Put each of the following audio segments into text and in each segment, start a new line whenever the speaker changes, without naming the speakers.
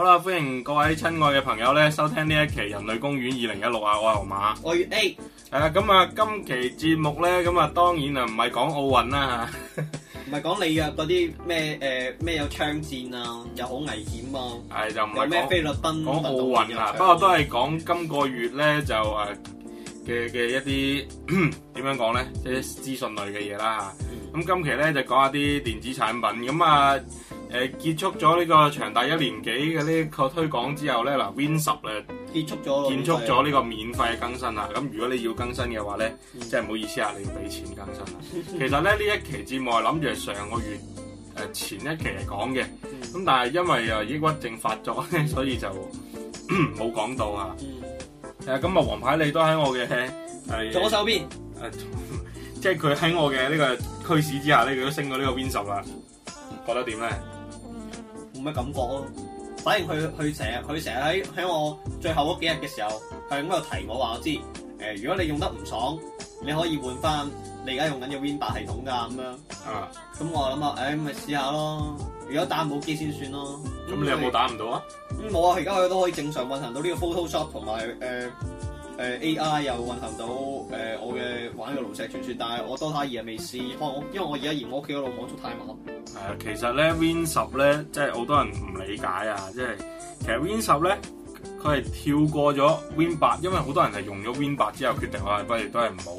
好啦，歡迎各位親愛嘅朋友咧，收聽呢一期《人類公園》二零一六啊，我號碼我月 A。誒，咁啊，今期節目咧，咁啊，當然奧運啊，唔係講奧運啦，唔係講你約嗰啲咩誒咩有槍、呃、戰啊，又好危險喎、啊。係就唔係咩菲律賓，講奧運啊，啊不過都係講今個月咧就誒嘅嘅一啲點 樣講咧，即係資訊類嘅嘢啦。咁今期咧就講下啲電子產品咁啊。嗯誒，結束咗呢個長達一年幾嘅呢個推廣之後咧，嗱 Win 十咧結束咗，結束咗呢個免費更新啦。咁、嗯、如果你要更新嘅話咧，嗯、真係唔好意思啊，你要俾錢更新啦。嗯、其實咧呢 一期節目係諗住上個月誒、呃、前一期嚟講嘅，咁、嗯、但係因為啊抑鬱症發作咧，所以就冇講 到啊。誒、嗯，咁啊黃牌你都喺我嘅左手邊，誒、啊，即係佢喺我嘅呢個驅使之下咧，佢都升過呢個 Win 十啦。覺得點咧？
冇乜感覺咯，反正佢佢成日佢成日喺喺我最後嗰幾日嘅時候，佢咁喺度提我話我知，誒、呃、如果你用得唔爽，你可以換翻你而家用緊嘅 Windows 系統㗎咁樣。啊！咁我諗、欸、下，誒咪試下咯。如果打唔到機先算咯。咁、嗯、你有冇打唔到啊？唔冇啊，而家佢都可以正常運行到呢個 Photoshop 同埋誒。呃誒、呃、AI 又運行到誒、呃、我嘅玩嘅爐石傳説，但係我多塔爾又未試，可
能我因為我而家嫌我屋企嗰個網速太慢。係、呃、其實咧 Win 十咧，即係好多人唔理解啊，即係其實 Win 十咧。佢係跳過咗 Win 八，因為好多人係用咗 Win 八之後決定話不如都係唔好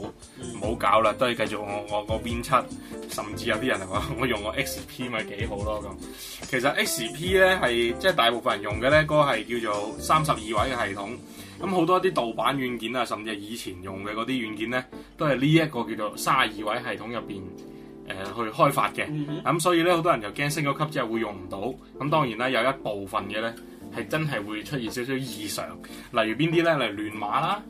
唔好搞啦，都係繼續我我我 Win 七，甚至有啲人係話我用我 XP 咪幾好咯咁。其實 XP 咧係即係大部分人用嘅咧，嗰個係叫做三十二位嘅系統。咁好多啲盜版軟件啊，甚至係以前用嘅嗰啲軟件咧，都係呢一個叫做三十二位系統入邊誒去開發嘅。咁所以咧，好多人就驚升咗級之後會用唔到。咁當然啦，有一部分嘅咧。係真係會出現少少異常，例如邊啲咧？例如亂碼啦，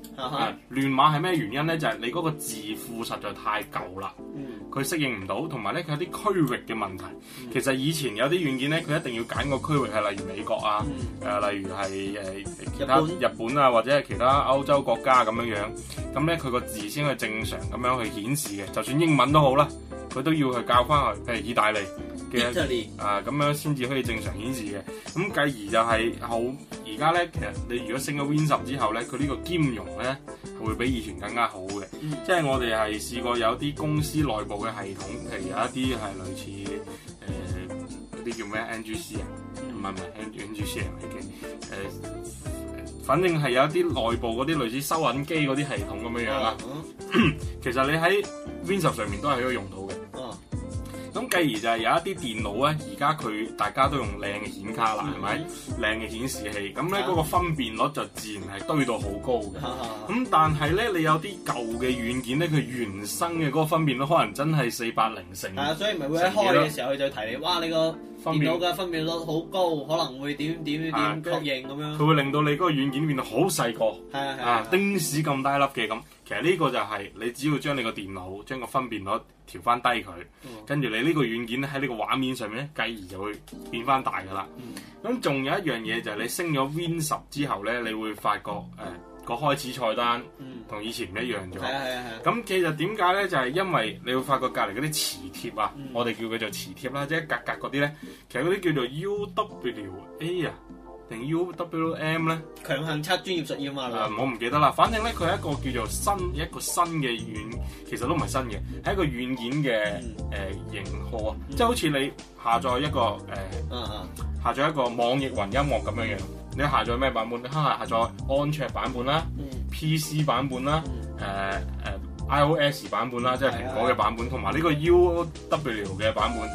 亂碼係咩原因咧？就係、是、你嗰個字庫實在太舊啦，佢、嗯、適應唔到，同埋咧佢有啲區域嘅問題。嗯、其實以前有啲軟件咧，佢一定要揀個區域係例如美國啊，誒、嗯呃、例如係誒其他日本啊，或者係其他歐洲國家咁樣樣，咁咧佢個字先係正常咁樣去顯示嘅，就算英文都好啦。佢都要去教翻佢，譬如意大利嘅，Italy. 啊咁樣先至可以正常顯示嘅。咁繼而就係、是、好而家咧，其實你如果升咗 win 10之後咧，佢呢個兼容咧係會比以前更加好嘅。即係我哋係試過有啲公司內部嘅系統，譬如有一啲係類似誒啲、呃、叫咩 NGC 啊，唔係，唔係 NGC 啊，唔係嘅誒，反正係有一啲內部嗰啲類似收銀機嗰啲系統咁樣樣啦、uh huh. 其實你喺 win 10上面都係可以用到嘅。咁、啊、繼而就係有一啲電腦咧，而家佢大家都用靚嘅顯卡啦，係咪、嗯？靚嘅顯示器，咁咧嗰個分辨率就自然係堆到好高嘅。咁、啊啊、但係咧，你有啲舊嘅軟件咧，佢原生嘅嗰個分辨率可能真係四百零成。啊，所以咪會喺開嘅時
候，佢就提你，哇！你個。電腦嘅分辨率好高，可
能會點點點確認咁的樣。佢會令到你嗰個軟件變到好細個，係係，丁屎咁低粒嘅咁。其實呢個就係你只要將你個電腦將個分辨率調翻低佢，跟住、嗯、你呢個軟件喺呢個畫面上面咧，繼而就會變翻大噶啦。咁仲、嗯、有一樣嘢就係你升咗 Win 十之後咧，你會發覺誒。呃個開始菜單同以前唔一樣咗，咁、啊啊啊、其實點解咧？就係、是、因為你會發覺隔籬嗰啲磁貼啊，嗯、我哋叫佢做磁貼啦，即係格格嗰啲咧，其實嗰啲叫做 UWA 啊定 UWM 咧，呢強行測專業術語啊！我唔記得啦，反正咧佢係一個叫做新一個新嘅軟，其實都唔係新嘅，係、嗯、一個軟件嘅誒、嗯呃、型號啊，嗯、即係好似你下載一個誒，呃嗯、下載一個網易雲音樂咁樣樣。嗯你下載咩版本？你可下載安卓版本啦、嗯、PC 版本啦、誒誒 iOS 版本啦，即係蘋果嘅版本，同埋呢個 UW 嘅版本。呢、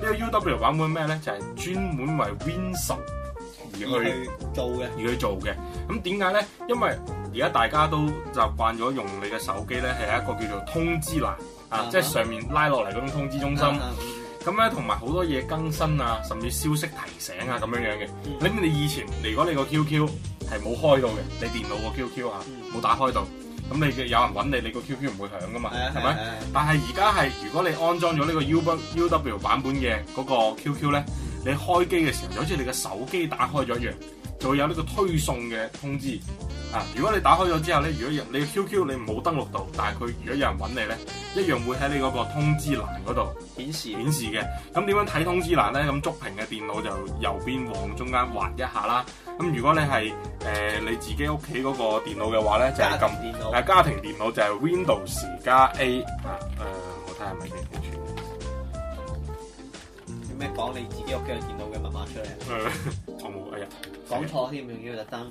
嗯、個 UW 版本咩咧、嗯？就係、是、專門為 Win 十而，而去做嘅。而去做嘅。咁點解咧？因為而家大家都習慣咗用你嘅手機咧，係一個叫做通知欄、嗯、啊，即係上面拉落嚟嗰種通知中心、啊。啊啊咁咧，同埋好多嘢更新啊，甚至消息提醒啊，咁樣樣嘅。你、mm hmm. 你以前，如果你個 QQ 係冇開到嘅，你電腦個 QQ 啊，冇、mm hmm. 打開到，咁你有人搵你，你個 QQ 唔會響噶嘛，係咪？但係而家係，如果你安裝咗呢個 UW 版本嘅嗰個 QQ 咧，mm hmm. 你開機嘅時候，就好似你嘅手機打開咗一樣，就會有呢個推送嘅通知啊。如果你打開咗之後咧，如果你 QQ 你 QQ 你冇登錄到，但係佢如果有人搵你咧。一樣會喺你嗰個通知欄嗰度顯示顯示嘅。咁點樣睇通知欄咧？咁觸屏嘅電腦就右邊往中間滑一下啦。咁如果你係誒、呃、你自己屋企嗰個電腦嘅話咧，就係、撳、家庭電腦、啊。家庭電腦就係 Windows 加 A。嚇、啊、誒、呃，我睇下係咪幾清楚？有咩講？你自己屋企嘅電腦嘅密碼出嚟啊！ 我冇啊、哎、呀，講錯
添，仲 要特登。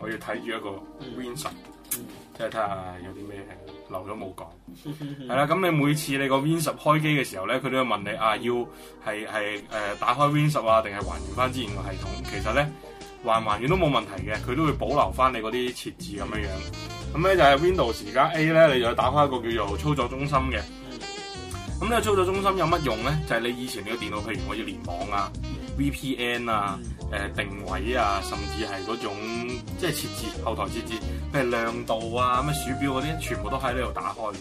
我要睇住一個 Windows 十，即係睇下有啲咩留咗冇講。係啦， 咁你每次你個 Windows 十開機嘅時候咧，佢都要問你啊，要係係誒打開 Windows 十啊，定係還原翻之前個系統？其實咧還唔還原都冇問題嘅，佢都會保留翻你嗰啲設置咁樣樣。咁咧就係 Windows 而家 A 咧，你又要打開一個叫做操作中心嘅。咁咧個操作中心有乜用咧？就係、是、你以前你個電腦，譬如我要連網啊、VPN 啊。誒、呃、定位啊，甚至係嗰種即係設置後台設置，譬如亮度啊、咩鼠標嗰啲，全部都喺呢度打開嘅。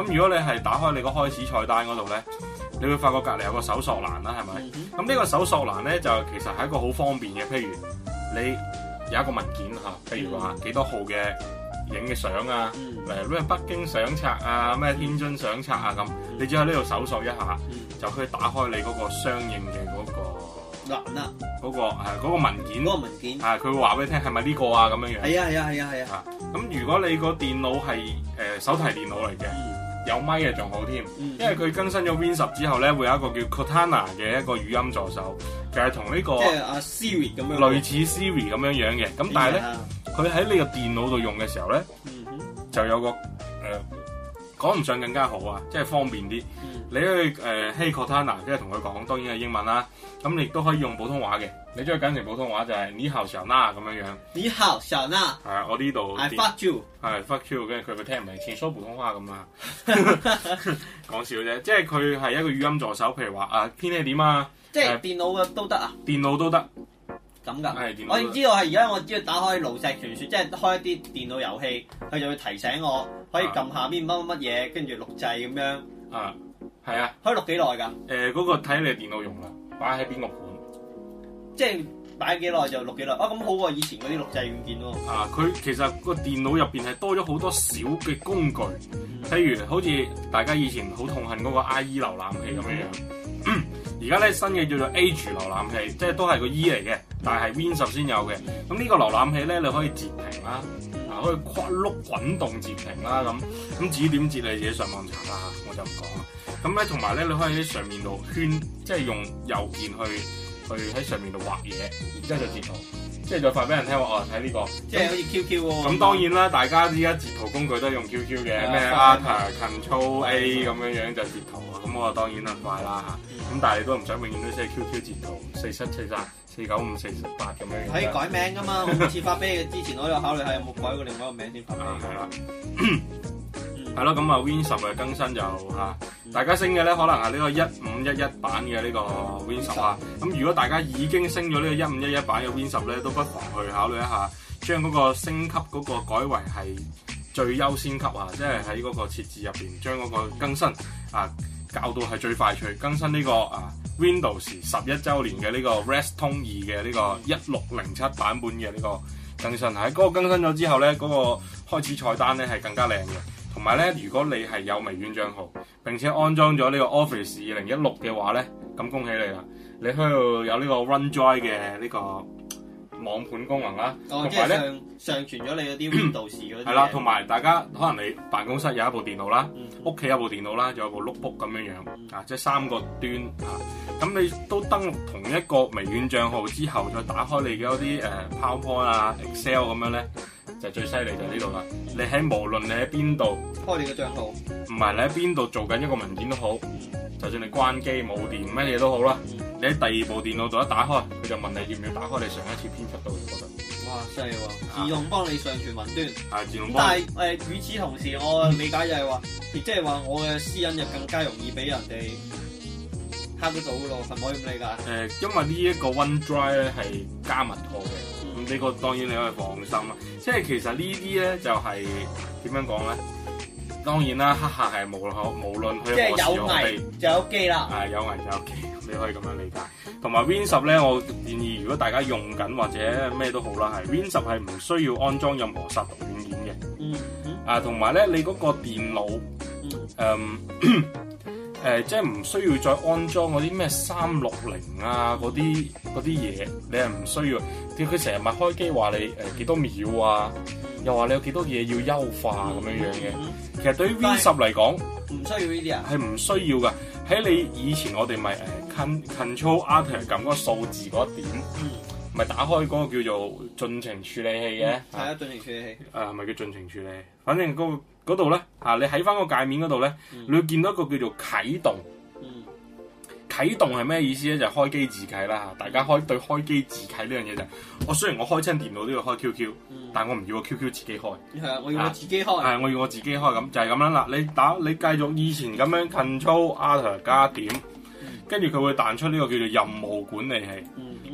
咁如果你係打開你個開始菜單嗰度咧，你會發覺隔籬有個搜索欄啦、啊，係咪？咁呢、嗯、個搜索欄咧就其實係一個好方便嘅。譬如你有一個文件吓、啊，譬如話幾多號嘅影嘅相啊，誒咩、嗯、北京相冊啊，咩天津相冊啊咁，你只喺呢度搜索一下，嗯、就可以打開你嗰個相應嘅嗰、那個。啦，嗰、嗰個係、嗰個文件，個文件係佢、啊、會話俾你聽，係咪呢個啊咁樣樣？係啊係啊係啊係啊。咁、啊啊啊啊、如果你個電腦係誒手提電腦嚟嘅，有咪嘅仲好添，嗯、因為佢更新咗 Windows 之後咧，會有一個叫 Cortana 嘅一個語音助手，就係同呢個即係啊、
uh, Siri 咁樣，類
似 Siri 咁、嗯、樣樣嘅。咁但係咧，佢喺、嗯、你個電腦度用嘅時候咧，嗯嗯、就有個誒。呃講唔上更加好啊，即係方便啲。嗯、你去誒、呃、Hey Cortana，即係、就、同、是、佢講，當然係英文啦、啊。咁你亦都可以用普通話嘅。你再揀成普通話就係你好小娜咁樣樣。你好小娜。係啊、哎，我呢度。I fuck you、哎。係 fuck you，跟住佢會聽唔明，似說普通話咁啊。講笑啫，即係佢係一個語音助手，譬如話啊，天氣點啊，即係電
腦嘅都得啊，
電腦都得。咁噶，我知道係而家，我只要打
開《爐石傳說》，即係開一啲電腦遊戲，佢就會提醒我可以撳下面乜乜乜嘢，跟住錄製咁樣。啊，係啊，可以錄幾耐噶？
誒，嗰個睇你電腦用啦，擺喺邊個盤，即係擺幾耐就錄幾耐。哦，咁好過以前嗰啲錄製軟件咯。啊，佢其實個電腦入邊係多咗好多小嘅工具，譬如好似大家以前好痛恨嗰個 IE 瀏覽器咁樣。 而家咧，新嘅叫做 Edge 瀏覽器，即係都係個 E 嚟嘅，但係 Win 十先有嘅。咁呢個瀏覽器咧，你可以截屏啦、啊，啊可以跨碌滾動截屏啦、啊，咁咁至於點截你自己上網查啦，吓，我就唔講啦。咁咧同埋咧，你可以喺上面度圈，即係用右鍵去去喺上面度畫嘢，然之後就截圖，嗯、即係就發俾人聽話我睇呢個，即
係好似 QQ 喎。咁那、嗯、當然
啦，大家依家截圖工具都係用 QQ 嘅，咩呀 Alt 呀 Ctrl A 咁樣呀樣就截圖。我當然難怪啦嚇，咁、嗯、但係都唔想永遠都寫 QQ 截圖四七四三四九五四十八咁樣。4 77, 4 95, 可以改名噶嘛？次 發俾你之前，我有考慮下有冇改過另外一個名先發俾你。係、啊、啦，咁啊，Win 十嘅更新就嚇、啊，大家升嘅咧，可能係呢個一五一一版嘅呢個 Win 十啊。咁如果大家已經升咗呢個一五一一版嘅 Win 十咧，嗯、都不妨去考慮一下，將嗰個升級嗰個改為係最優先級啊，即係喺嗰個設置入邊將嗰個更新啊。啊教到係最快脆，更新呢個啊 Windows 十一週年嘅呢個 Rest 通二嘅呢個一六零七版本嘅呢個更新。喺嗰個更新咗之後呢，嗰個開始菜單呢係更加靚嘅。同埋呢，如果你係有微軟帳號並且安裝咗呢個 Office 二零一六嘅話呢，咁恭喜你啦！你喺度有呢個 Run joy 嘅呢個。網盤功能啦，同埋咧上傳咗你嗰啲 Windows 嗰啲。係 啦，同埋大家可能你辦公室有一部電腦啦，屋企、嗯、有部電腦啦，仲有部 notebook 咁樣樣、嗯、啊，即係三個端啊。咁你都登入同一個微軟賬號之後，再打開你嘅嗰啲誒 PowerPoint 啊、Excel 咁樣咧，就是、最犀利就呢度啦。你喺無論你喺邊度開你嘅賬號，唔係你喺邊度做緊一個文件都好。嗯。就算你關機冇電乜嘢都好啦，你喺第二部電腦度一打開，佢就問你要唔要打開你上一次編輯到嘅嘢。哇，犀利喎！自動幫你上傳雲端，啊、自動幫
你但係誒、呃，與此同時，我理解就係、是、話，
亦即係話，我嘅私隱就更加容易俾人哋黑得
到
咯。可唔可以咁理解？誒、呃，因為 One Drive 呢一個 OneDrive 咧係加密過嘅，咁呢、嗯、個當然你可以放心啦。即、就、係、是、其實呢啲咧就係、是、點樣講咧？當然啦，黑客係無可無論佢有冇智慧，有危就有機啦，係有危就有機，你可以咁樣理解。同埋 Win 十咧，我建議如果大家用緊或者咩都好啦，係 Win 十係唔需要安裝任何殺毒軟件嘅、嗯。嗯啊，同埋咧，你嗰個電腦，嗯嗯誒、呃，即係唔需要再安裝嗰啲咩三六零啊，嗰啲啲嘢，你係唔需要。佢佢成日咪開機話你誒幾、呃、多秒啊，又話你有幾多嘢要優化咁、嗯、樣樣嘅。其實對於 V 十嚟講，唔需要呢啲啊，係唔需要噶。喺你以前我哋咪誒 control alt 按嗰個數字嗰點，咪、嗯、打開嗰個叫做進程處理器嘅、啊，係、嗯、啊看看進程處理器，誒係咪叫進程處理？反正嗰嗰度咧，啊，你喺翻個界面嗰度咧，你會見到一個叫做啟動。啟動係咩意思咧？就係開機自啟啦，吓，大家開對開機自啟呢樣嘢就係，我雖然我開親電腦都要開 QQ，但我唔要個 QQ 自己開。係
啊，我要我自己開。係，
我要我自己開，咁就係咁樣啦。你打，你繼續以前咁樣 Ctrl，Alt 加點，跟住佢會彈出呢個叫做任務管理器。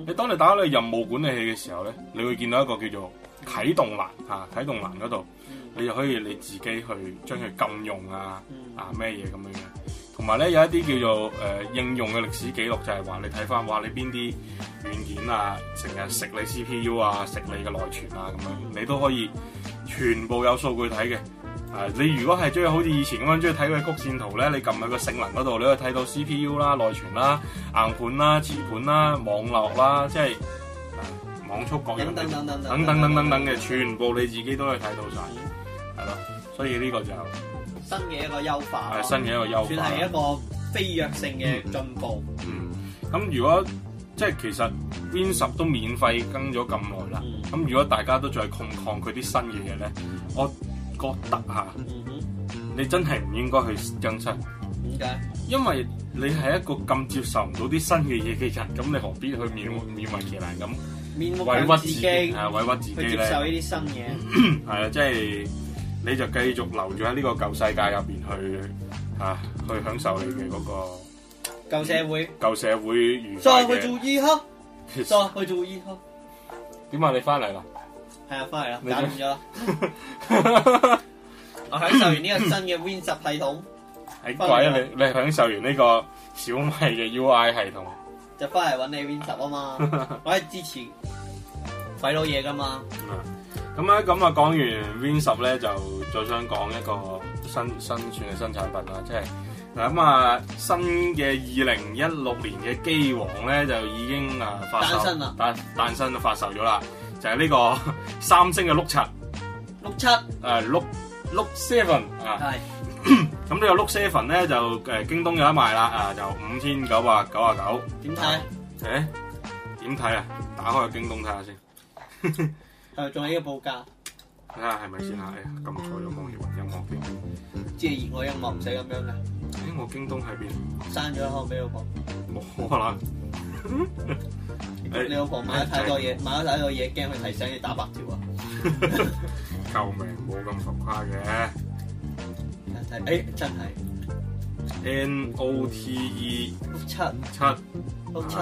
你當你打到去任務管理器嘅時候咧，你會見到一個叫做。啟動欄啊，啟動欄嗰度你就可以你自己去將佢禁用啊，啊咩嘢咁樣，同埋咧，有一啲叫做誒、呃、應用嘅歷史記錄，就係、是、話你睇翻話你邊啲軟件啊，成日食你 C P U 啊，食你嘅內存啊咁樣，你都可以全部有數據睇嘅。啊，你如果係中意好似以前咁樣中意睇佢曲線圖咧，你撳喺個性能嗰度，你又睇到 C P U 啦、啊、內存啦、啊、硬盤啦、啊、磁盤啦、啊、網絡啦、啊，即係。啊網速各樣嘅，等等等等等嘅，全部你自己都可以睇到晒，係咯、嗯。所以呢個就係、新嘅
一個優化，係、嗯、新
嘅一個優化，算係一個飛躍性嘅進步。嗯，咁、嗯、如果即係其實 Win 十都免費更咗咁耐啦，咁、嗯、如果大家都再控抗佢啲新嘅嘢咧，我覺得嚇，嗯嗯嗯、你真係唔應該去更新。點解、嗯？嗯嗯、因為你係一個咁接受唔到啲新嘅嘢嘅人，咁你何必去勉勉為其難咁，委屈自己，係委屈自己去接受呢啲新嘢。係 啊，即係你就繼續留住喺呢個舊世界入邊去，啊，去享受你嘅嗰、嗰個舊社會。舊社會，再去做醫
科，再
去做醫科。點啊？你翻嚟啦？係啊，翻嚟啦！搞掂咗啦！我享受完呢個新嘅 Win 十系統，哎、鬼啊！你你，你享受完呢個小米嘅 UI 系統。
就翻嚟揾你 Win 十啊嘛，我係支持
鬼佬嘢噶嘛。咁啊咁啊講完 Win 十咧，就再想講一個新新出嘅新，新產品啦，即係嗱咁啊新嘅二零一六年嘅機王咧就已經啊誕生啦，誕誕生就發售咗啦，就係、是、呢、這個三星嘅碌七碌七誒碌碌 seven 啊。是 咁呢個碌 seven 咧就誒京東有得賣啦，啊就五千九百九啊九。點睇？誒點睇啊？打開個京東睇下先。誒仲有呢個報價。睇下係咪先啊？哎呀
撳錯咗，網易雲音樂片。借熱愛音樂，唔使咁樣嘅。誒我京東喺邊？刪咗啦，後畀老婆。冇可能。
你老婆買咗太多嘢，買咗太多嘢，驚佢提醒你，打白條啊！救命！冇咁浮誇嘅。誒，真係 Note
六七七六七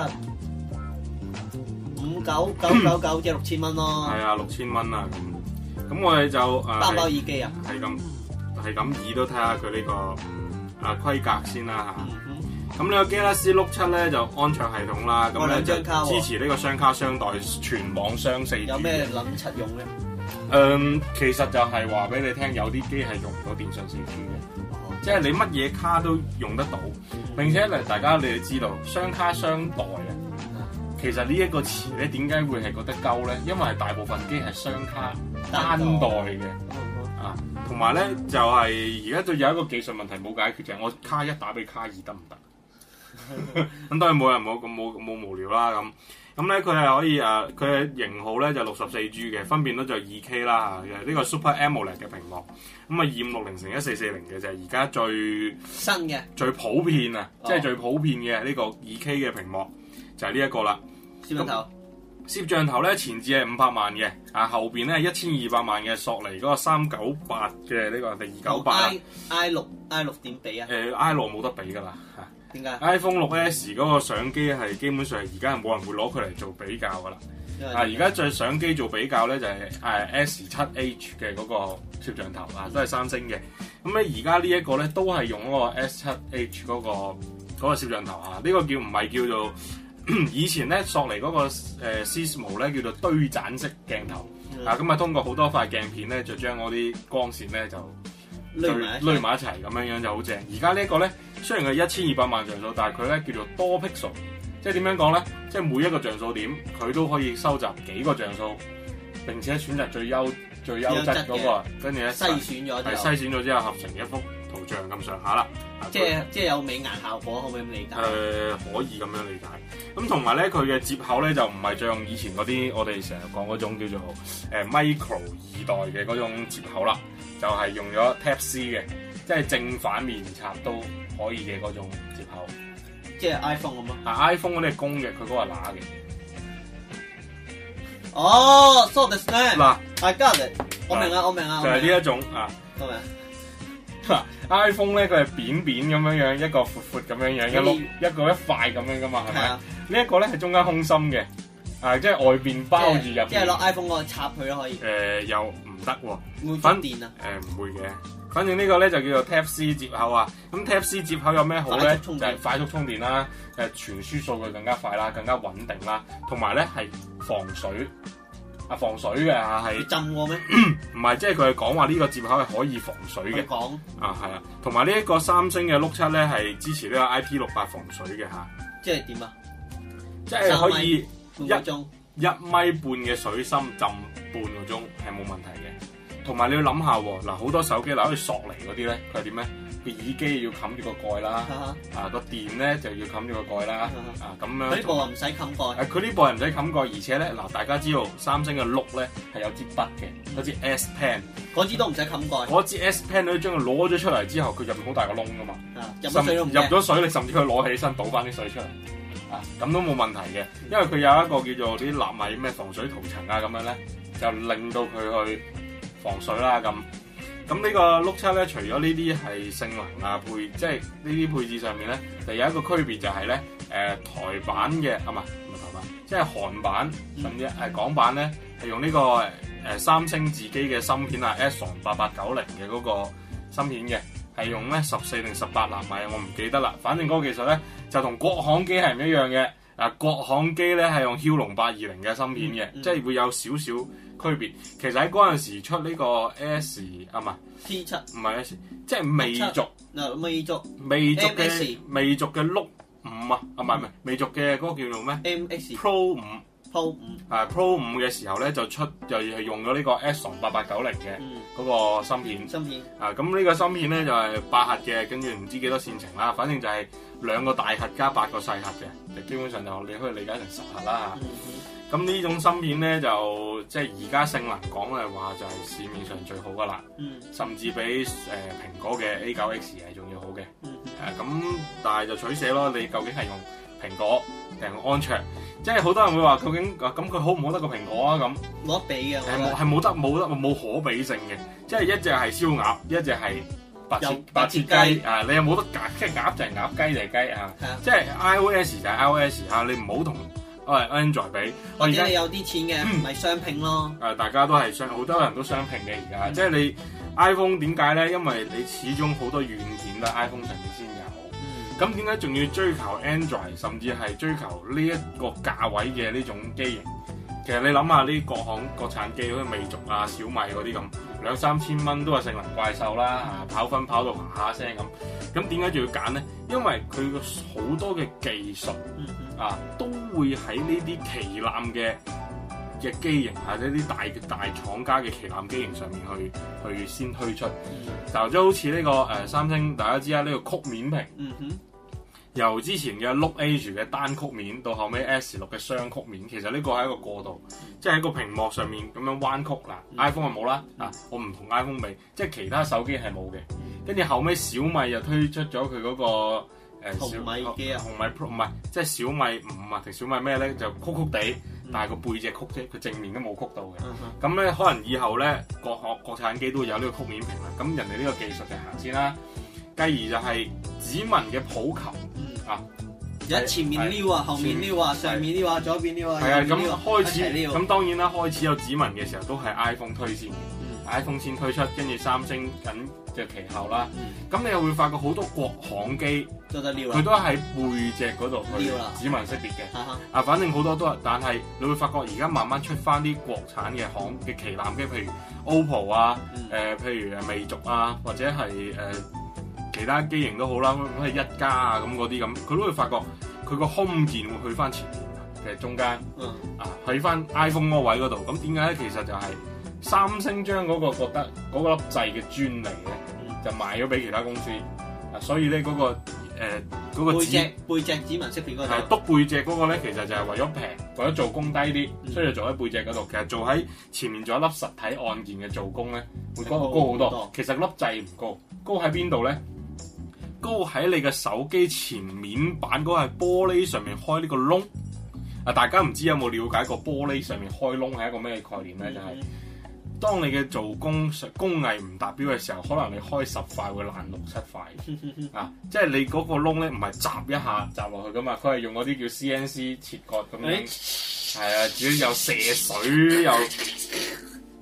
五九九九九即係
六千蚊咯。係 啊，六千蚊啊咁。咁我哋就誒包包耳機啊。係咁係咁，耳都睇下佢呢個啊規格先啦嚇。咁呢、嗯嗯、個 Galaxy 七咧就安卓系統啦。咁兩就支持呢個雙卡雙待全網雙四。有咩諗七用咧？誒、嗯，其實就係話俾你聽，有啲機係用唔到電信線。即係你乜嘢卡都用得到，並且咧，大家你要知道雙卡雙待啊。其實呢一個詞咧點解會係覺得鳩咧？因為大部分機係雙卡單待嘅啊，同埋咧就係而家就有一個技術問題冇解決就係、是、我卡一打俾卡二得唔得？咁 當然冇人冇咁冇冇無聊啦咁咁咧，佢係可以誒，佢、啊、嘅型號咧就六十四 G 嘅，分辨率就二 K 啦嚇，呢、啊這個 Super AMOLED 嘅屏幕，咁啊二五六零乘一四四零嘅就係而家最新嘅、最普遍啊，哦、即係最普遍嘅呢、這個二 K 嘅屏幕就係呢一個啦。攝像頭，攝像頭咧前置係五百萬嘅，啊後邊咧一千二百萬嘅索尼嗰個三九八嘅呢個第二九八 I 六 I 六點比啊？誒、哦、I 六冇得比噶啦。呃 iPhone 六 S 嗰個相機係基本上而家冇人會攞佢嚟做比較㗎喇。啊，而家做相機做比較咧就係、是、誒、呃、S 七 H 嘅嗰個攝像頭啊，都係三星嘅。咁咧而家呢一個咧都係用嗰個 S 七 H 嗰、那個嗰、那個、攝像頭啊。呢、這個叫唔係叫做 以前咧索尼嗰、那個誒 c i n 咧叫做堆疊式鏡頭、嗯、啊。咁啊通過好多塊鏡片咧就將嗰啲光線咧就濾埋一齊咁樣樣就好正。而家呢一個咧。雖然係一千二百萬像素，但係佢咧叫做多 pixel，即係點樣講咧？即係每一個像素點，佢都可以收集幾個像素，並且選擇最優最優質嗰個，跟住咧篩選咗，篩選咗之後合成一幅圖像咁上下啦。
即係即係有美顏效果可唔可以咁理解？誒，
可以咁樣理解。咁同埋咧，佢嘅接口咧就唔係像以前嗰啲我哋成日講嗰種叫做誒 Micro 二代嘅嗰種接口啦，就係用咗 Type C 嘅。即係正反面插都可以嘅嗰種接口，即係 iPhone 咁咯。啊，iPhone 嗰啲係公嘅，佢嗰個乸嘅。哦，so the same 嗱，I got it，我明啊，我明啊，就係呢一種啊。我明。iPhone 咧，佢係扁扁咁樣樣，一個闊闊咁樣樣，一碌一個一塊咁樣噶嘛，係咪？呢一個咧係中間空心嘅，啊，即係外邊包住入，即係攞
iPhone 嗰個插佢咯，
可以。誒，又唔得喎，唔會斷電啊？誒，唔會嘅。反正呢個咧就叫做 Type C 接口啊，咁 Type C 接口有咩好咧？快就快速充電啦，誒，傳輸數據更加快啦，更加穩定啦，同埋咧係防水，啊，防水嘅係、啊。你浸過咩？唔係，即係佢係講話呢個接口係可以防水嘅。講說。啊係啊，同埋呢一個三星嘅碌七咧係支持呢個 IP 六八防水嘅。吓，即係點啊？即係可以一一米半嘅水深浸半個鐘係冇問題嘅。同埋你要諗下喎，嗱好多手機嗱，好似索尼嗰啲咧，佢係點咧？個耳機要冚住個蓋啦，啊個電咧就要冚住個蓋啦，啊咁樣。呢部唔使冚蓋。誒，佢呢部係唔使冚蓋，而且咧嗱，大家知道三星嘅碌咧係有支筆嘅，有支 S Pen，嗰支都唔使冚蓋。嗰支 S Pen 將佢攞咗出嚟之後，佢入面好大個窿噶嘛，入入咗水你甚至佢攞起身倒翻啲水出嚟，啊咁都冇問題嘅，因為佢有一個叫做啲納米咩防水塗層啊咁樣咧，就令到佢去。防水啦咁，咁呢個碌七咧，除咗呢啲係性能啊配，即係呢啲配置上面咧，就有一個區別就係咧，誒、呃、台版嘅啊嘛，唔係台版，即係韓版、嗯、甚至係、呃、港版咧，係用呢、呢個誒、呃、三星自己嘅芯片啊，S 八八九零嘅嗰個芯片嘅，係用咧十四定十八納米，我唔記得啦，反正嗰個技術咧就同國行機係唔一樣嘅，啊、呃、國行機咧係用驍龍八二零嘅芯片嘅，嗯嗯、即係會有少少。區別，其實喺嗰陣時出呢個 S 啊，唔係 T 七，唔係 S，即係魅族，嗱，魅族，魅族嘅，魅族嘅碌五啊，啊，唔係，唔係魅族嘅嗰個叫做咩 MX Pro 五 5, Pro 五 5. 啊 Pro 五嘅時候咧就出，就係用咗呢個 S 叢八八九零嘅嗰個芯片芯片，mm hmm. 啊咁呢個芯片咧就係、是、八核嘅，跟住唔知幾多線程啦，反正就係兩個大核加八個細核嘅，就、mm hmm. 基本上就你可以理解成十核啦。Mm hmm. 咁呢種芯片咧就即係而家性能講嘅話就係市面上最好噶啦，甚至比誒蘋果嘅 A9X 係仲要好嘅。誒咁，但係就取捨咯。你究竟係用蘋果定安卓？即係好多人會話究竟咁佢好唔好得個蘋果啊？咁冇得比嘅，係冇係冇得冇得冇可比性嘅。即係一隻係燒鴨，一隻係白切白切雞。啊，你又冇得夾，即係鴨就係鴨，雞就係雞啊。即係 iOS 就係 iOS 啊，你唔好同。我係、oh, Android 比或者係有啲錢嘅唔係雙拼咯，誒、呃、大家都係雙好多人都雙拼嘅而家，即係你 iPhone 點解咧？因為你始終好多軟件都 iPhone 上面先有，咁點解仲要追求 Android，甚至係追求呢一個價位嘅呢種機型？其實你諗下呢個行國產機，好似魅族啊、小米嗰啲咁，兩三千蚊都係性能怪獸啦、啊，跑分跑到啪啪聲咁。咁點解仲要揀咧？因為佢嘅好多嘅技術啊，都會喺呢啲旗艦嘅嘅機型，或者啲大大廠家嘅旗艦機型上面去去先推出。就即好似呢個誒、呃、三星，大家知啦，呢、這個曲面屏。嗯哼。由之前嘅 Look Edge 嘅單曲面到後尾 S 六嘅雙曲面，其實呢個係一個過渡，即係喺個屏幕上面咁樣彎曲啦。嗯、iPhone 冇啦，嗱我唔同 iPhone 未，即係其他手機係冇嘅。跟住後尾小米又推出咗佢嗰個誒、呃、小紅米機啊，啊紅米 Pro, 就是、小米 Pro 唔係，即係小米五啊，定小米咩咧就曲曲地，但係個背脊曲啫，佢正面都冇曲到嘅。咁咧、嗯嗯嗯、可能以後咧國學國產機都會有呢個曲面屏啦。咁人哋呢個技術就行先啦。嗯。繼而就係指紋嘅普及啊！而家前面撩啊，後面撩啊，上
面撩啊，左邊撩啊，係啊咁開始
咁當然啦，開始有指紋嘅時候都係 iPhone 推先嘅，iPhone 先推出，跟住三星緊嘅其後啦。咁你又會發覺好多國行機都得撩，佢都喺背脊嗰度撩指紋識別
嘅。
啊，反正好多都係，但係你會發覺而家慢慢出翻啲國產嘅行嘅旗艦機，譬如 OPPO 啊，誒，譬如誒魅族啊，或者係誒。其他機型都好啦，咁係一加啊咁嗰啲咁，佢都會發覺佢個空件會去翻前面嘅中間，嗯、啊去翻 iPhone 嗰位嗰度。咁點解咧？其實就係三星將嗰個覺得嗰粒掣嘅專利咧，就賣咗俾其他公司。啊，所以咧、嗰、嗰個誒、呃嗰個、背脊背脊指紋識別嗰個，係篤背脊嗰個咧，其實就係為咗平，為咗做工低啲，所以就做喺背脊嗰度。其實做喺前面做一粒實體按鍵嘅做工咧，會高好、嗯、多。多其實粒掣唔高，高喺邊度咧？高喺你嘅手機前面板嗰個玻璃上面開呢個窿，啊大家唔知有冇了解過玻璃上面開窿係一個咩概念咧？就係、是、當你嘅做工工藝唔達標嘅時候，可能你開十塊會爛六七塊。 啊，即係你嗰個窿咧，唔係砸一下砸落 去噶嘛，佢係用嗰啲叫 CNC 切割咁樣，係、欸、啊，主要有射水又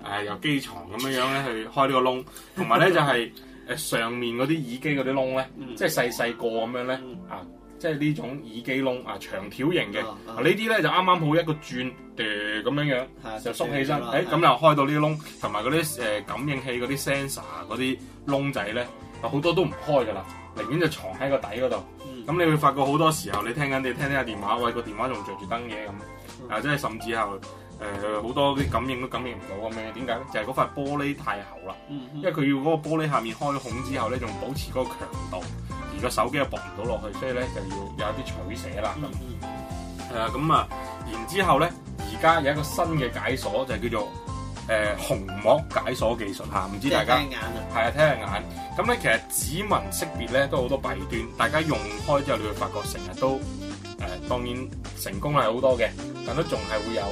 誒又機床咁樣樣咧去開個呢個窿，
同埋咧就係、
是。 誒上面嗰啲耳機嗰啲窿咧，即係細細個咁樣咧，啊，即係呢種耳機窿啊，長條形嘅，啊呢啲咧就啱啱好一個轉嘟咁樣樣，就縮起身，誒咁又開到呢啲窿，同埋嗰啲誒感應器嗰啲 sensor 嗰啲窿仔咧，好多都唔開噶啦，寧願就藏喺個底嗰度。咁你會發覺好多時候你聽緊，你聽聽下電話，喂個電話仲着住燈嘢咁，啊即係甚至係。誒好、呃、多啲感應都感應唔到嘅咩？點解咧？就係、是、嗰塊玻璃太厚啦，嗯、哼因為佢要嗰個玻璃下面開孔之後咧，仲保持嗰個強度，而個手機又薄唔到落去，所以咧就要有一啲取捨啦。咁係啊，咁啊、嗯哼呃，然之後咧，而家有一個新嘅解鎖就係叫做誒虹、呃、膜解鎖技術嚇，唔知大家係啊，睇下眼。咁、嗯、咧其實指紋識別咧都好多弊端，大家用開之後你會發覺成日都誒、呃，當然成功係好多嘅，但都仲係會有。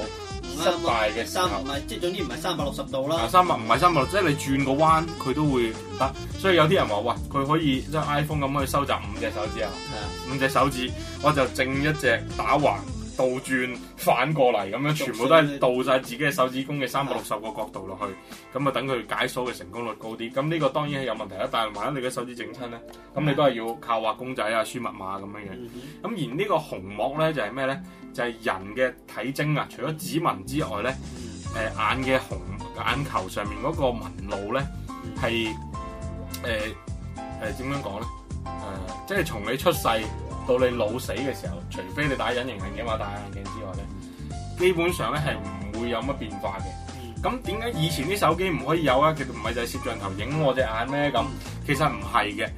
失敗嘅，三唔係即係總之唔係三百六十度啦。三百唔係三百六，即係你轉個彎佢都會唔得。所以有啲人話：嘩，佢可以即係 iPhone 咁可以收集五隻手指啊！係啊，五隻手指，我就淨一隻、嗯、打橫。倒轉反過嚟咁樣，全部都係倒晒自己嘅手指公嘅三百六十個角度落去，咁啊等佢解鎖嘅成功率高啲。咁呢個當然係有問題啦，但係萬一你嘅手指整親咧，咁、嗯、你都係要靠畫公仔啊、輸密碼咁樣嘅。咁、嗯、哼而個紅呢個虹膜咧就係咩咧？就係、是就是、人嘅體徵啊！除咗指紋之外咧，誒、嗯呃、眼嘅虹眼球上面嗰個紋路咧係誒誒點樣講咧？誒即係從你出世。到你老死嘅時候，除非你戴隱形眼鏡或者戴眼鏡之外咧，基本上咧係唔會有乜變化嘅。咁點解以前啲手機唔可以有啊？佢唔係就係攝像頭影我隻眼咩咁？嗯、其實唔係嘅。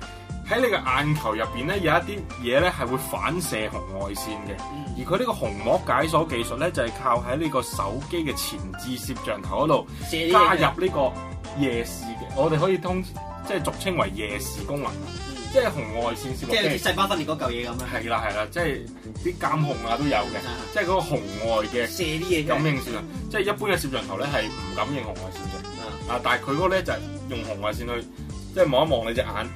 喺你個眼球入邊咧有一啲嘢咧係會反射紅外線嘅。嗯、而佢呢個紅膜解鎖技術咧就係、是、靠喺呢個手機嘅前置攝像頭嗰度加入呢個夜視嘅。嗯、我哋可以通即係、就是、俗稱為夜視功能。即係紅外線攝像機，細胞分裂嗰嚿嘢咁樣！係啦係啦，即係啲監控啊都有嘅，的即係嗰個紅外嘅射啲嘢，感應住啦。即係一般嘅攝像頭咧係唔感應紅外線嘅，的啊，但係佢嗰咧就係用紅外線去，即係望一望你隻眼，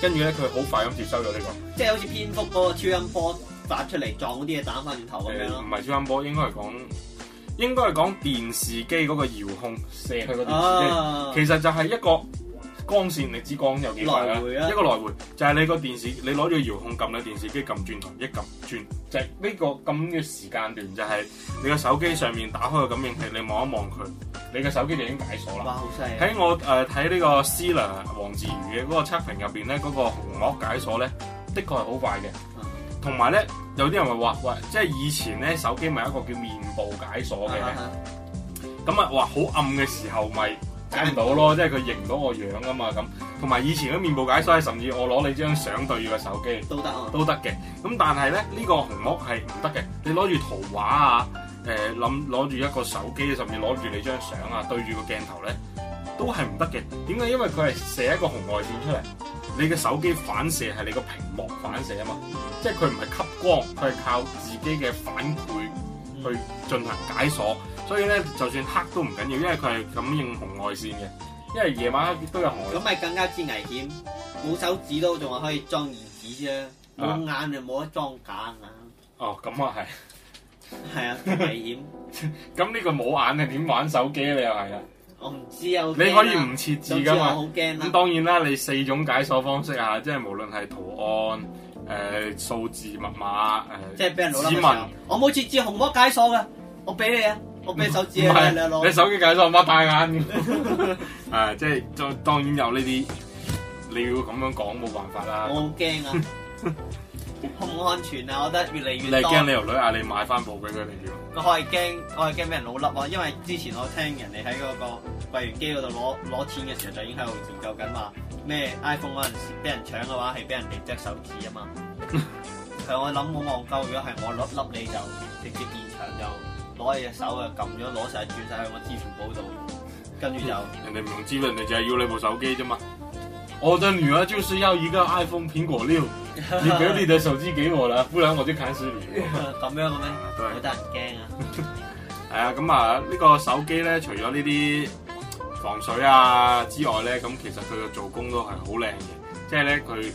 跟住咧佢好快咁接收咗呢、呢個。即係好似蝙蝠嗰個超音波發出嚟，撞嗰啲嘢，打翻轉頭咁樣。唔係超音波，應該係講，應該係講電視機嗰個遙控射去嗰電視機，啊、其實就係一個。光線你只光有幾快啊？一個來回就係、是、你個電視，你攞住個遙控撳你電視機撳轉同一撳轉就係、是、呢個咁嘅時間段，就係、是、你個手機上面打開個感應器，你望一望佢，你個手機就已經解鎖啦。哇，好犀利！喺我誒睇呢個 Zealer 王自如嘅嗰個測評入邊咧，嗰、那個虹膜解鎖咧，的確係好快嘅。同埋咧，有啲人咪話，喂，即係以前咧手機咪有一個叫面部解鎖嘅，咁啊，啊，哇，好暗嘅時候咪。解唔到咯，即係佢認唔到我樣啊嘛，咁，同埋以前嘅面部解鎖，甚至我攞你張相對住個手機都得、啊、都得嘅。咁但係咧，呢個紅膜係唔得嘅。你攞住圖畫啊，誒諗攞住一個手機，甚至攞住你張相啊，對住個鏡頭咧，都係唔得嘅。點解？因為佢係射一個紅外線出嚟，你嘅手機反射係你個屏幕反射啊嘛，即係佢唔係吸光，佢係靠自己嘅反饋去進行解鎖。所以咧，就算黑都唔緊要，因為佢係感應紅外線嘅。因為夜晚都有紅外線。咁咪更加之危險，冇手指都仲可以裝耳仔啫。冇眼就冇得裝假眼，啊。哦，咁啊係。係 啊，危險。咁呢 個冇眼啊，點玩手機你又係啊。我唔知
啊。你可以唔設置噶嘛。好
驚。咁、啊、當然啦，你四種解鎖方式啊，即係無論係圖案、誒、呃、數字密碼、誒、呃、即係俾人攞得。指紋
我冇設置虹膜解鎖噶，我俾你啊。
我俾手指你，你手機解鎖我擘大眼。誒，即係當當然有呢啲，你要咁樣講冇辦法啦。我好驚啊！好唔安全啊！我覺得越嚟越。你驚你條女嗌你買翻部俾佢，你
點？我係驚，我係驚俾人老笠啊！因為之前我聽人哋喺嗰個櫃員機嗰度攞攞錢嘅時候，就已經喺度研究緊話咩 iPhone 嗰陣時俾人搶嘅話，係俾人哋隻手指啊嘛。其實我諗好戇鳩，如果係我老笠，你就直接現場就。
攞你隻手啊，撳咗攞晒轉晒去我支付寶度，跟住就人哋唔用支付，人哋就係要你部手機啫嘛。我的女兒就是要一個 iPhone 蘋果六，你把你哋手機給我啦，不然我就砍死你。咁 樣嘅嗎咩？好得人驚啊！係啊，咁 啊，呢、啊這個手機咧，除咗呢啲防水啊之外咧，咁其實佢嘅做工都係好靚嘅，即係咧佢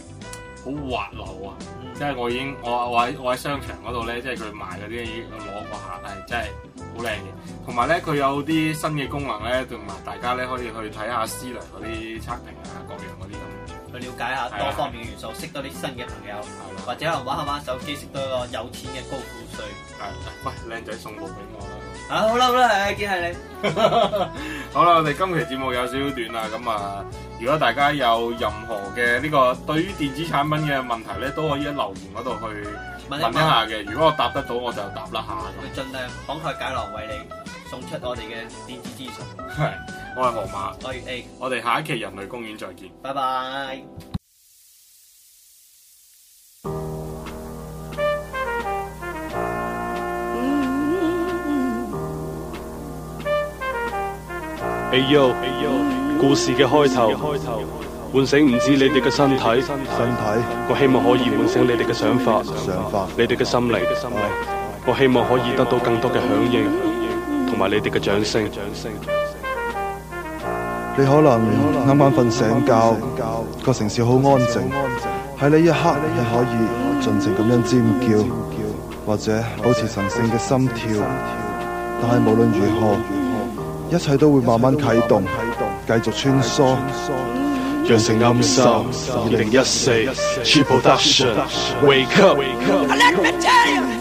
好滑溜啊。即係我已經，我我喺我喺商場嗰度咧，即係佢賣嗰啲攞過下，係真係好靚嘅。同埋咧，佢有啲新嘅功能咧，同埋大家咧可以去睇下思量嗰啲測評啊，各樣嗰啲咁。去了解下多方面嘅元素，啊、
識多啲新嘅朋友，啊、或者玩下玩手機，識多個有錢嘅高富帥。係、
啊，喂，靚仔送部俾我啦。啊好啦好啦，見係你。 好啦，我哋今期節目有少少短啦，咁啊，如果大家有任何嘅呢個對於電子產品嘅問題咧，都可以喺留言嗰度去問一下嘅。下如果我答得到，我就答啦下。會盡 量慷慨解囊，為你送出我哋嘅電子資訊。係 我係河馬，am 我係 A，我哋下一期人類公園再見。拜拜。
A U，、hey、故事嘅開頭，喚醒唔知你哋嘅身體，身體。我希望可以喚醒你哋嘅想法，想法。你哋嘅心靈，心靈、啊。我希望可以得到更多嘅響應，同埋你哋嘅掌聲。
你可能啱啱瞓醒覺，醒覺個城市好安靜，喺呢一刻，你可以盡情咁樣尖叫，或者保持神聖嘅心跳。心跳，但係無論如何。一切都會慢慢啟動，繼續穿梭，躍成暗心。二零一四，Triple Action，Wake
Up，Wake Up。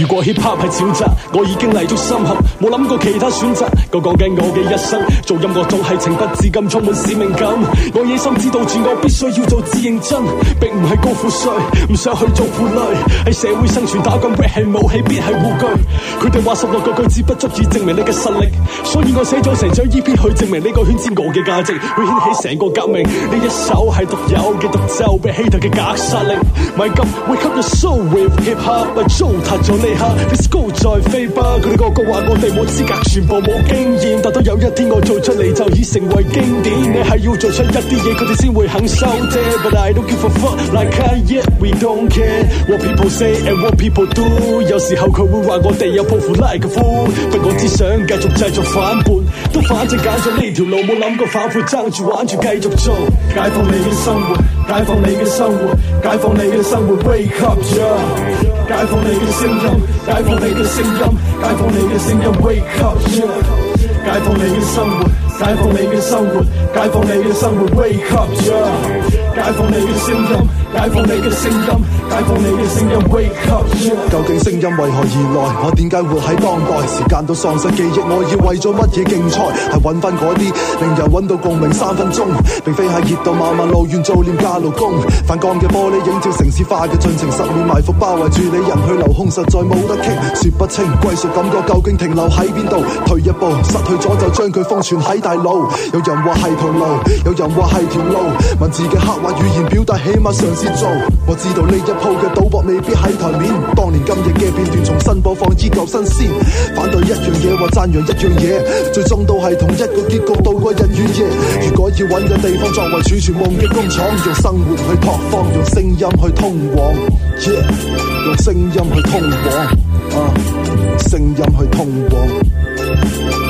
如果 hip hop 係沼澤，我已經嚟足深陷，冇諗過其他選擇。個講緊我嘅一生，做音樂我總係情不自禁充滿使命感。我野心知道自我必須要做至認真，並唔係高富帥，唔想去做富類。喺社會生存打緊 rap 係武器，必係護具。佢哋話十六個句子不足以證明你嘅實力，所以我寫咗成張 EP 去證明呢個圈子我嘅價值會掀起成個革命。呢一首係獨有嘅獨奏，被 hater 嘅格殺力。My God，We got the soul with hip hop，係糟蹋咗你。地下，this go 再飛吧！佢哋個個話我哋冇資格，全部冇經驗，但都有一天我做出嚟就已成為經典。 你係要做出一啲嘢，佢哋先會肯收啫。But I don't give a fuck like I said we don't care what people say and what people do。有時候佢會話我哋有抱負、like a fool，不過我只想繼續製造反叛。都反正揀咗呢條路，冇諗過反悔，爭住玩住繼續做， 解放你嘅生活，解放你嘅生活，解放你嘅生活，生活，wake up、yeah 解放你嘅聲音，解放你嘅聲音，解放你嘅聲音，Wake up！Yeah，解放你嘅生活。解放你嘅生活，解放你嘅生活，Wake up！Yeah!
解放你嘅聲音，解放你嘅聲音，解放你嘅聲音，Wake up！Yeah! 究竟聲音為何而來？我點解活喺當代？時間都喪失記憶，我要為咗乜嘢競賽？係揾翻啲令人揾到共鳴三分鐘，並非喺熱度漫漫路遠做廉價勞工。反光嘅玻璃映照城市化嘅進程，十面埋伏包圍住你，人去樓空實在冇得傾。說不清歸屬感覺究竟停留喺邊度？退一步，失去咗就將佢封存喺度。有人話係套路，有人話係條路。文字嘅刻畫語言表達，起碼嘗試做。我知道呢一鋪嘅賭博未必喺台面。當年今日嘅片段重新播放，依舊新鮮。反對一樣嘢或讚揚一樣嘢，最終都係同一個結局到個人。到過日與夜，如果要揾個地方作為儲存夢嘅工廠，用生活去拓荒，用聲音去通往，yeah, 用聲音去通往，啊，聲音去通往。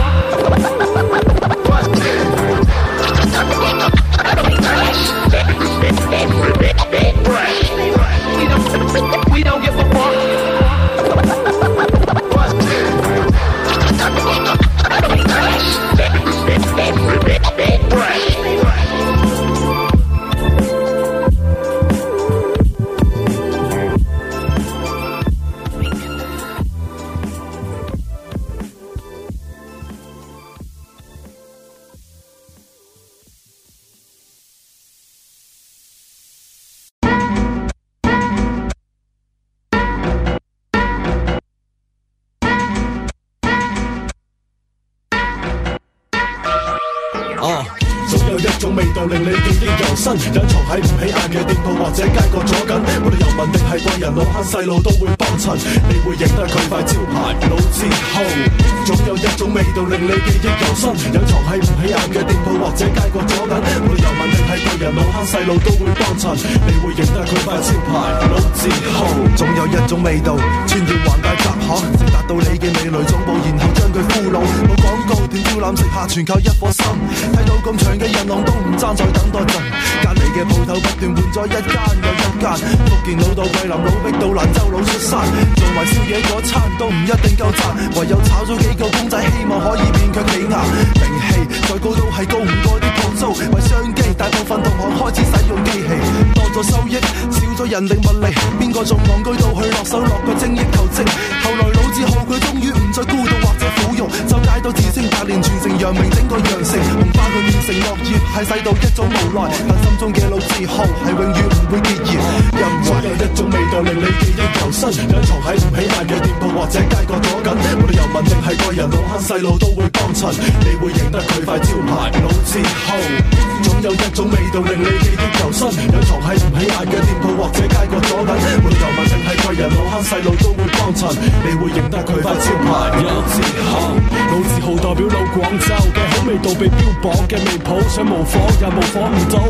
身隱藏喺唔起眼嘅店鋪或者街角躲緊。定淨係貴人老坑細路都會幫襯，你會認得佢塊招牌老字號。總有一種味道令你記憶猶
新，隱藏係唔起眼嘅店鋪或者街角左近。唔定係貴人老坑細路都會幫襯，你會認得佢塊招牌老字號。老字號代表老廣州嘅好味道被標榜嘅味譜，想模仿也模仿唔到。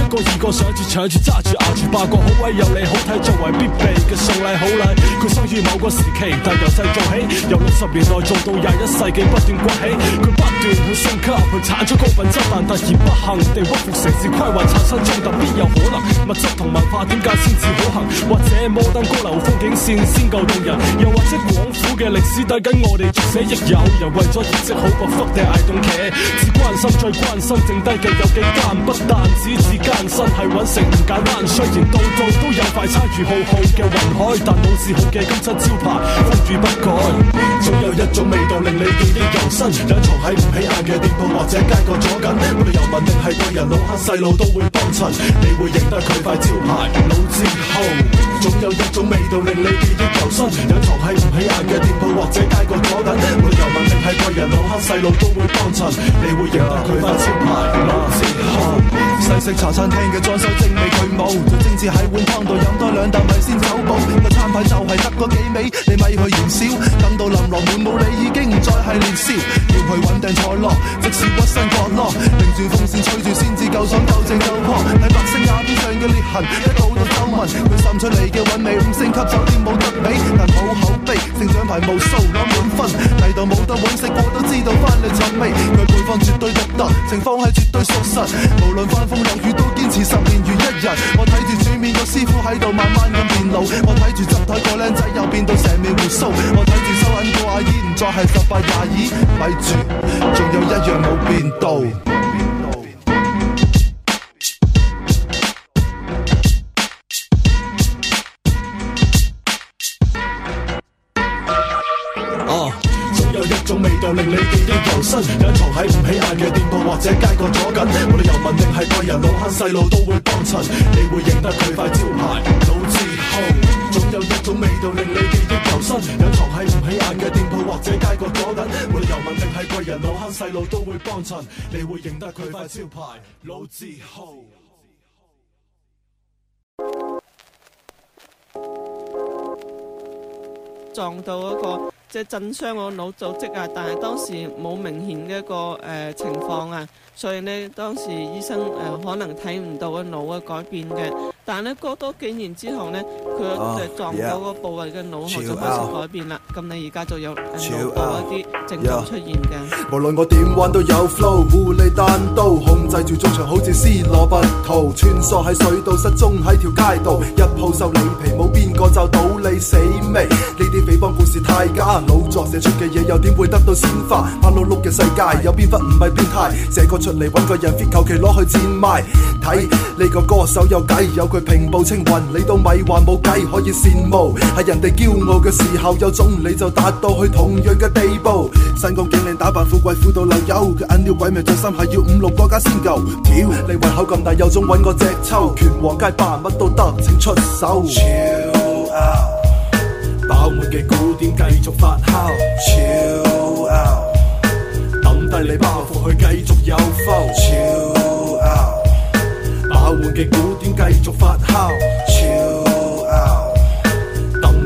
一個二個想住搶住揸住咬住八個好威，有你好睇作為必備嘅送禮好禮。佢生於某個時期，但由細做起，由六十年代。做到廿一世紀不斷崛起，佢不斷去升級去產出高品質，但突然不幸地屈服城市規劃產生衝突，必有可能物質同文化點解先至好行？或者摩登高樓風景線先夠動人，又或者廣府嘅歷史帶緊我哋，即使亦有人為咗業績好過福地捱凍企？只關心最關心剩低嘅有幾間，不單止是艱辛係揾食唔簡單。雖然當度都有快餐住浩浩嘅雲海，但老字號嘅金漆招牌，風雨不改。最後一。一種味道令你記憶猶新，有一藏喺唔起眼嘅店鋪，或者街角左近。無論遊民定係貴人，老黑細路都會幫襯，你會認得佢塊招牌老字號。總 有一種味道令你記憶猶新，
有一藏喺唔起眼嘅店鋪，或者街角左近。無論遊民定係貴人，老黑細路都會幫襯，你會認得佢塊招牌老字號。 西式茶餐廳嘅裝修精美俱美，最精緻喺碗湯度飲多兩啖米先走步。個餐牌就係得個幾味，你咪去嫌少。等到琳琅滿目。道理已經唔再係亂燒，要去揾定坐落，即使屈身角落，定住風扇吹住先至夠爽夠正夠，夠狂。喺白色瓦片上嘅裂痕，一道道皺紋。佢滲出嚟嘅韻味，五星級酒店冇得比。但好口碑，成長牌無數攞滿分，嚟到冇得冇食，我都知道翻嚟找味。佢配方絕對獨特，情況係絕對屬實。無論翻風落雨都堅持十年如一日。我睇住煮麵個師傅喺度慢慢咁變老，我睇住執台個靚仔又變到成面鬍鬚，我睇住收銀個阿姨。唔再係十八廿二,二，咪住，仲有一樣冇變到。哦、啊，總有一種味道令你記憶猶新，隱
藏喺唔起眼嘅店鋪或者街角左近。無論遊民定係貴人，老坑細路都會幫襯，你會認得佢塊招牌。老字。總、oh，有一種味道令你記憶猶新，隱藏喺唔起眼嘅店鋪或者街角嗰陣，無論遊民定係貴人、老坑細
路都會幫襯，你會認得佢塊招牌、老字號。
撞到一、那個即係、就是、震傷我腦組織啊，但係當時冇明顯嘅一個誒、呃、情況啊。所以呢，當時醫生誒
可能睇唔到個腦嘅改變嘅，但呢過多幾年之後呢，佢誒撞到個部位嘅腦殼就開始改變啦。咁你而家就有腦部一啲症狀出現嘅。嚟揾個人 fit，求其攞去賤賣。睇你個歌手有計，有佢平步青雲，你都咪話冇計可以羨慕。係人哋驕傲嘅時候，有種你就達到去同樣嘅地步。身光頸靚打扮，富貴富到流油，佢眼尿鬼味，最深係要五六個家先夠。屌，你胃口咁大，有種揾個隻抽拳王街霸乜都得，請出手。Chill out，飽滿嘅鼓點繼續發酵。Chill。帶
嚟包袱去繼續有浮潮，誘惑，超牛！把玩嘅古典繼續發酵，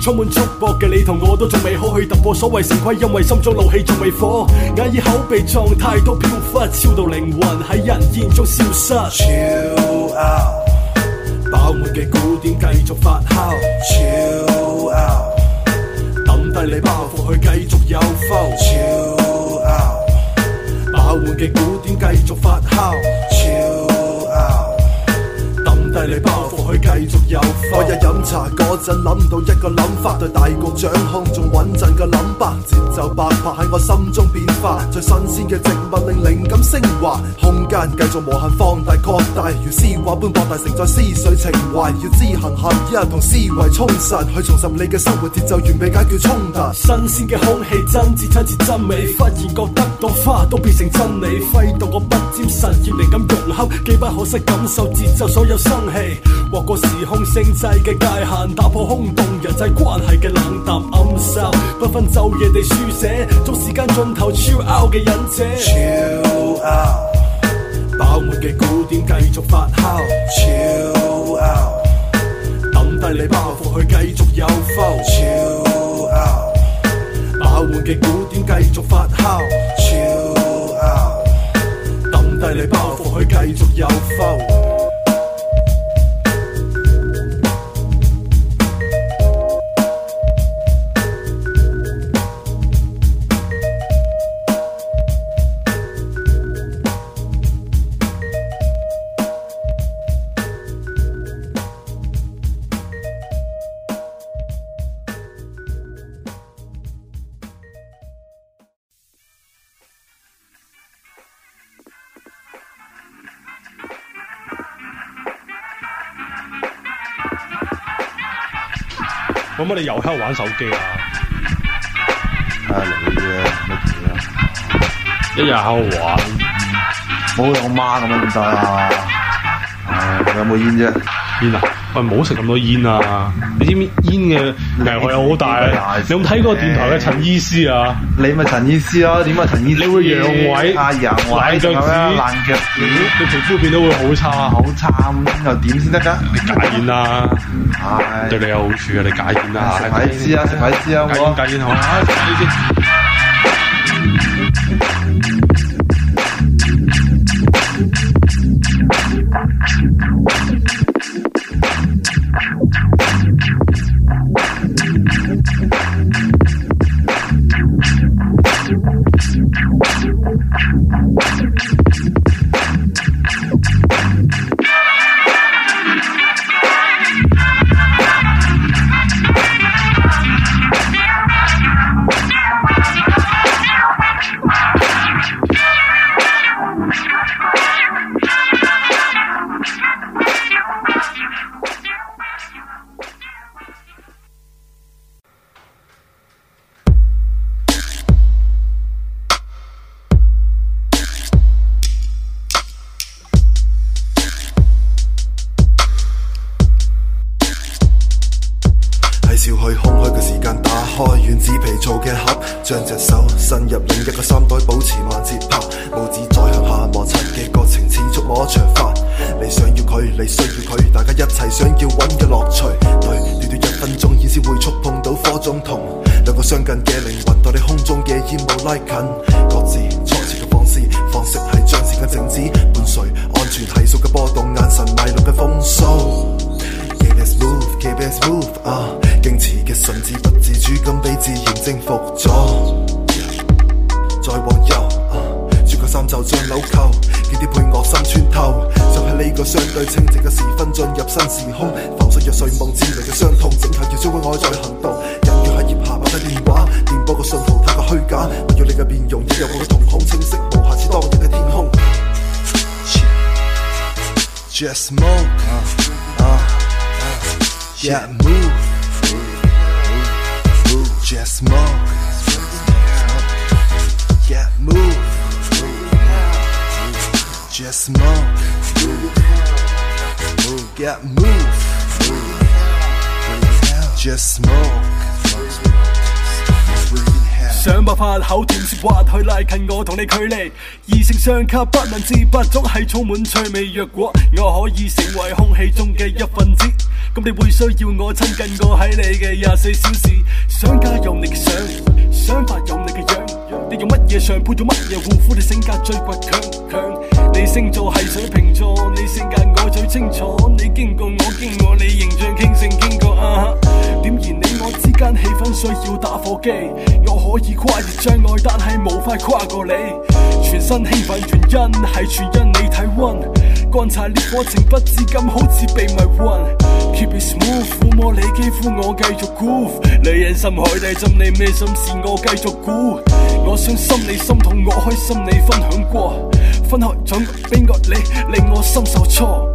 充滿束縛嘅你同我都仲未可以突破所謂成規，因為心中怒氣仲未火，眼耳口鼻狀態都飄忽，超到靈魂喺人煙中消失。Chill out，飽滿嘅鼓點繼續發酵。Chill out，抌低你包袱去繼續遊浮。Chill out，
飽滿嘅鼓點繼續發酵。Chill。你爆破去繼續遊翻，日飲茶嗰陣諗到一個諗法，對大局掌控仲穩陣嘅諗法，節奏百拍喺我心中變化，最新鮮嘅植物令靈感升華，空間繼續無限放大擴大，如詩畫般擴大，盛載思緒情懷，要知行合一同思維沖神，去重拾你嘅生活節
奏，完美解決衝突，新鮮嘅空氣真摯親切真美，忽然覺得朵花都變成真理，揮動我不沾神業靈感融合，機不可失感受節奏所有新。劃過時空星際嘅界限，打破空洞人際關係嘅冷淡暗收，不分晝夜地抒寫，做時間盡頭超 out 嘅忍者。超 Chill out，飽滿嘅古典繼續發酵。超 Chill out，抌低你包袱去繼續有 f
超 out，飽滿嘅古典繼續發酵。超
Chill out，抌低你包袱去繼續有 f 做乜你又喺度玩手機啊？啊你、 嗯、啊，乜、哎、嘢啊？一日喺度玩，我好似我媽咁樣得啊？你有冇煙啫？煙啊！喂，唔好食咁多煙啊！你知唔知？嘅危害又
好大啊！你有冇睇過電台嘅陳醫師啊？你咪陳醫師咯，點啊陳醫師？你會讓位、仰、啊、位腳、跛腳、爛
腳趾，啊、你皮膚變得會、啊、好差、好差
咁又點先得噶？你戒煙啦，係是對你有好處嘅、啊，你戒煙啦吓！食快啲死啊，食快啲死啊，我戒煙，戒煙、啊、子好。
啊
將隻手伸入另一個衫袋，保持慢節拍，拇指在向下摩擦嘅過程，似足摸長髮。你想要佢，你需要佢，大家一齊想要揾嘅樂趣。對，短短一分鐘，已經會觸碰到火種同兩個相近嘅靈魂，待你空中嘅煙霧拉近。
口甜舌滑去拉近我同你距離，異性相吸不能自拔，總係充滿趣味。若果我可以成為空氣中嘅一份子，咁你會需要我親近我喺你嘅廿四小時。想家有你嘅想，想法有你嘅樣。你用乜嘢上配做乜嘢護膚？你性格最倔強強，你星座係水瓶座，你性格我最清楚。你經過我經過你形象傾城經過啊！點燃你我之間氣氛需要打火機，我可以跨越障礙，但係無法跨過你。全身興奮原因係全因你體温，乾柴烈火，情不自禁好似被迷昏。Keep it smooth，撫摸你肌膚我繼續 groove，女人心海底針，你咩心事我繼續估。我傷心你心痛，我開心你分享過，分開再冰隔你，令我心受挫。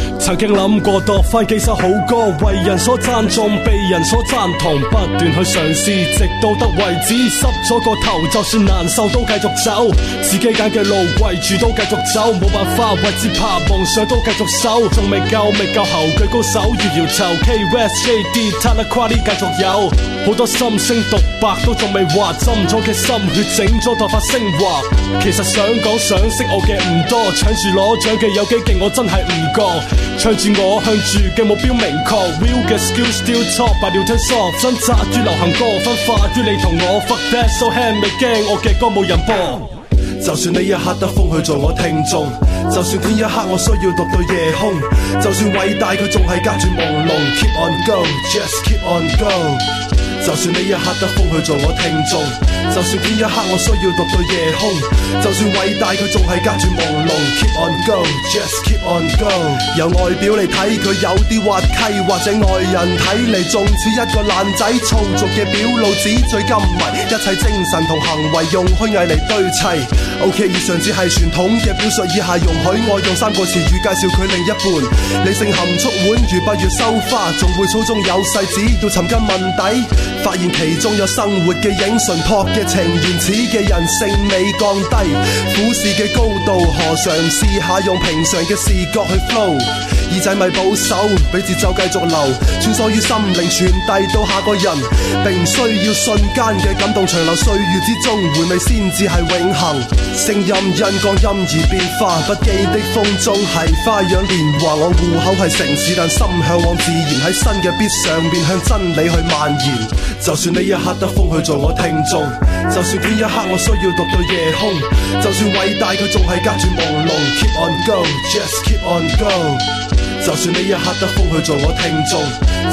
曾經諗過度翻幾首好歌，為人所讚頌，被人所贊同，不斷去嘗試，直到得為止。濕咗個頭，就算難受都繼續走，自己揀嘅路圍住都繼續走，冇辦法為之怕，夢想都繼續守。仲未夠，未夠後輩高手搖搖頭。K West K D Tala k a l y 繼續有，好多心聲獨白都仲未話，浸咗嘅心血整咗頭髮升華。其實想講想識我嘅唔多，搶住攞獎嘅有幾勁，我真係唔覺。唱住我向住嘅目標明確，Will 嘅 Skills still top，把聊天 soft，掙扎於流行歌，分化於你同我。Fuck that so hard 未驚，我嘅歌冇人播。就算呢一刻得風去做我聽眾，就算天一刻我需要獨對夜空，
就算偉大佢仲係隔住朦朧。Keep on go，just keep on go。就算呢一刻得風去做我聽眾，就算天一黑我需要獨對夜空，就算偉大佢仲係隔住朦朧。Keep on going, just keep on going。由外表嚟睇佢有啲滑稽，或者外人睇嚟仲似一個爛仔，粗俗嘅表露紙醉金迷，一切精神同行為用虛偽嚟堆砌。OK，以上只係傳統嘅表述，以下容許我用三個詞語介紹佢另一半。理性含蓄出碗如八月羞花，仲會粗中有細，只要尋根問底。發現其中有生活嘅影，純樸嘅情，原始嘅人性未降低，股市嘅高度，何嘗唔試下用平常嘅視覺去 follow？o l 耳仔咪保守，畀節奏繼續流，穿梭於心靈，傳遞到下個人。並唔需要瞬間嘅感動，長流歲月之中，回味先至係永恆。聲音因光陰而變化，不羈的風中係花樣年華。我戶口係城市，但心向往自然，喺新嘅必上面，向真理去蔓延。就算呢一刻得風，去在我聽眾。就算天一黑，我需要獨對夜空；就算偉大，佢仲係隔住朦朧。Keep on go, just keep on go。就算呢一刻得風去做我聽眾；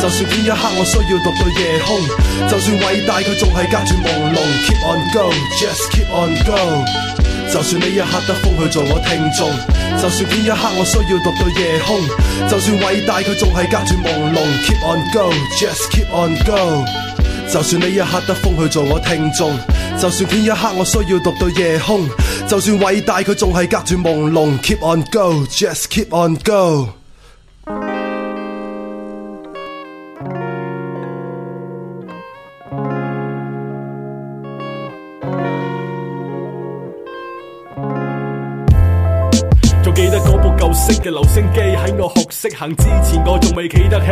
就算天一黑，我需要獨對夜空；就算偉大，佢仲係隔住朦朧。Keep on go, just keep on go。就算呢一刻得風去做我聽眾；就算天一黑，我需要獨對夜空；就算偉大，佢仲係隔住朦朧。Keep on go, just keep on go。就算呢一刻得風去做我聽眾，就算天一黑，我需要獨對夜空，就算偉大，佢仲係隔住朦朧，Keep on go，just keep on go。
嘅留聲機喺我學識行之前，我仲未企得起。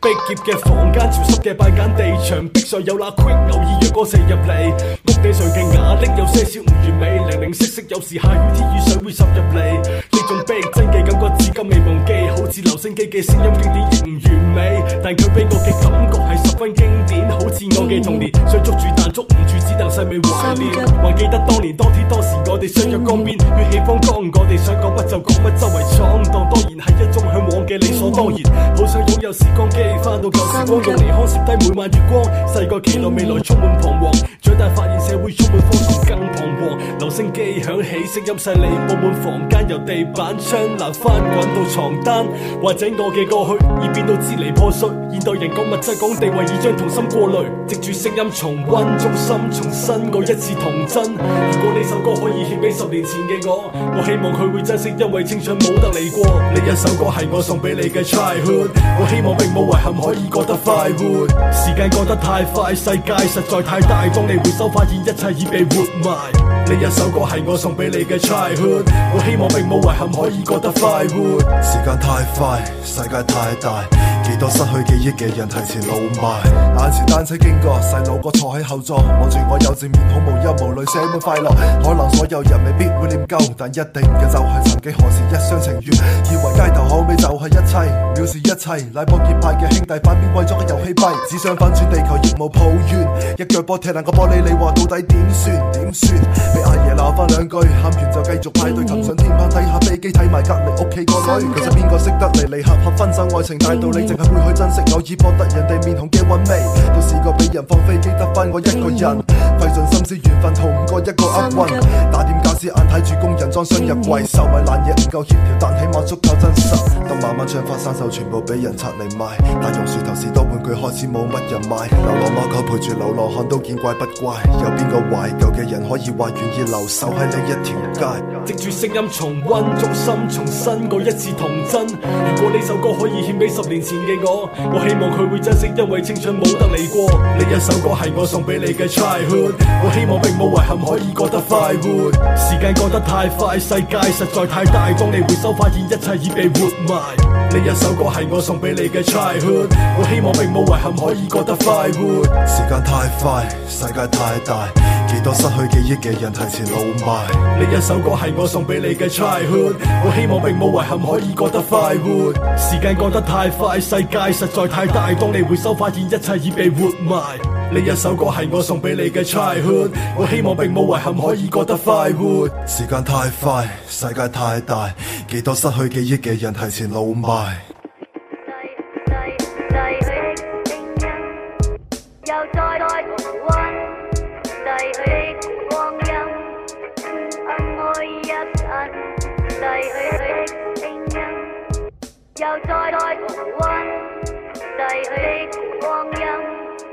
逼劫嘅房間，潮濕嘅拜間地牆，牆壁上有那 quick 偶爾躍過四入嚟。屋頂上嘅瓦礫有些少唔完美，零零色色，有時下雨天雨水會滲入嚟。呢種逼真嘅感覺至今未忘記，好似留聲機嘅聲音經典亦唔完美，但佢俾我嘅感覺係十分經典，好似我嘅童年想捉住但捉唔住，只能細味懷念。還記得當年多天多時我，我哋相喺江邊，血起風乾，我哋想講乜就講乜，周圍嘈。放蕩當，當然係一種向往嘅理所當然，好想擁有時光機，翻到舊時光，用離開攝低每晚月光。細個期待未來充滿彷徨，長大發現社會充滿荒唐更彷徨。留聲機響起，聲音細膩佈滿，滿房間，由地板、窗欄翻滾到床單，或者我嘅過去已變到支離破碎。現代人講物質，講地位，已將童心過濾。藉住聲音重溫中心，重新過一次童真。如果呢首歌可以獻俾十年前嘅我，我希望佢會珍惜，因為青春冇得嚟。呢一首歌係我送俾你嘅 childhood，我希望並冇遺憾可以過得快活。時間過得太快，世界實在太大，當你回首發現一切已被活埋。呢一首歌係我送俾你嘅 childhood，我希望並冇遺憾可以過得快活。時間太快，
世界太大。幾多失去記憶嘅人提前老邁？眼前單車經過，細路哥坐喺後座，望住我幼稚面孔無憂無慮寫滿快樂。可能所有人未必會念舊，但一定嘅就係曾經何時一廂情願，以為街頭巷尾就係一切，藐視一切。乃波結派嘅兄弟反面為咗個遊戲幣，只想翻轉地球亦無抱怨。一腳波踢爛個玻璃，你話到底點算？點算？被阿爺鬧翻兩句，喊完就繼續派隊擒、嗯、上天棚睇下飛機，睇埋隔離屋企個女。其實邊個識得離離合合，分手愛情大道理？嗯嗯嗯嗯會去珍惜偶爾博得人哋面紅嘅韻味，都試過俾人放飛機，得翻我一個人，費盡心思，緣份逃唔過一個厄運。打點架俬眼睇住。裝箱入櫃，收埋冷嘢唔夠協調，但起碼足夠真實。當晚晚將花生秀全部俾人拆嚟賣，大榕樹頭士多半佢開始冇乜人買。流浪貓狗陪住流浪漢都見怪不怪，有邊個懷舊嘅人可以話願意留守喺呢一
條街？藉住聲音重温，中心重新過一次童真。如果呢首歌可以獻俾十年前嘅我，我希望佢會珍惜，因為青春冇得嚟過。呢一首歌係我送俾你嘅 childhood，我希望並冇遺憾可以過得快活。時間過得太快。快世界實在太大，當你回收發現一切已被活埋。呢一首歌係我送俾你嘅 Childhood，我希望並冇遺憾可以過得快活。時
間太快，世界太大，幾多失去記憶嘅人提前老邁。
呢一首歌係我送俾你嘅 Childhood，我希望並冇遺憾可以過得快活。時間過得太快，世界實在太大，當你回收發現一切已被活埋。另一首歌係我送俾你嘅 childhood，我希望並冇遺憾可以過得快活。
時間太快，世界太大，幾多失去記憶嘅人提前老邁。逝去的光陰，又再來重溫。逝去的光
陰，愛若隱。逝去的光陰，又再來重溫。逝去的光陰。